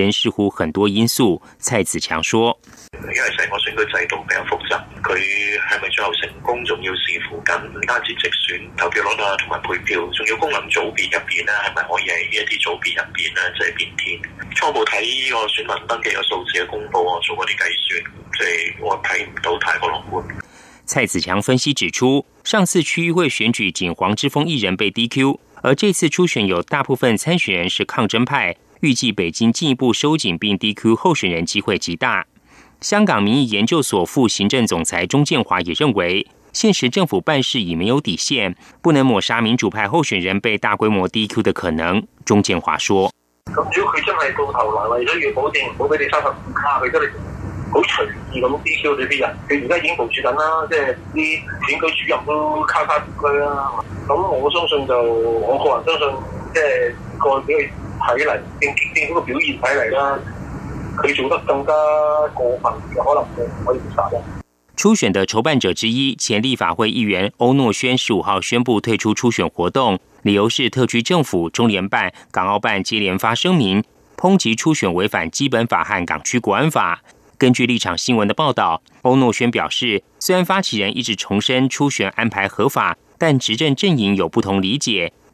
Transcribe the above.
人視乎很多因素，蔡子強說：“因為成個選舉制度比較複雜，佢係咪最後成功，仲要視乎緊唔單止直選投票率啊，同埋配票，仲要功能組別入邊咧，係咪可以喺呢一啲組別入邊咧，即係變天。初步睇呢個選民登記嘅數字嘅公布，我做過啲計算，即係我睇唔到太過樂觀。”蔡子強分析指出，上次區議會選舉僅黃之鋒一人被 DQ，而這次初選有大部分參選人是抗爭派。預計北京進一步收緊並 DQ 候選人機會極大。香港民意研究所副行政總裁鍾建華也認為，現時政府辦事已沒有底線，不能抹殺民主派候選人被大規模 DQ 的可能。鍾建華說如果真到頭：“到要保你三十五卡，佢好隨意噉 DQ 你啲人。佢而家已經部署緊啦，即係啲選舉主任都啦、啊。我相信就，就我個人相信，即睇嚟，嗰個表現睇嚟啦，佢做得更加過分，有可能會可以殺人。初選的籌辦者之一前立法會議員區諾軒十五號宣布退出初選活動，理由是特區政府、中聯辦、港澳辦接連發聲明抨擊初選違反基本法和港區國安法。根據《立場新聞》的報道，區諾軒表示，雖然發起人一直重申初選安排合法，但執政陣營有不同理解。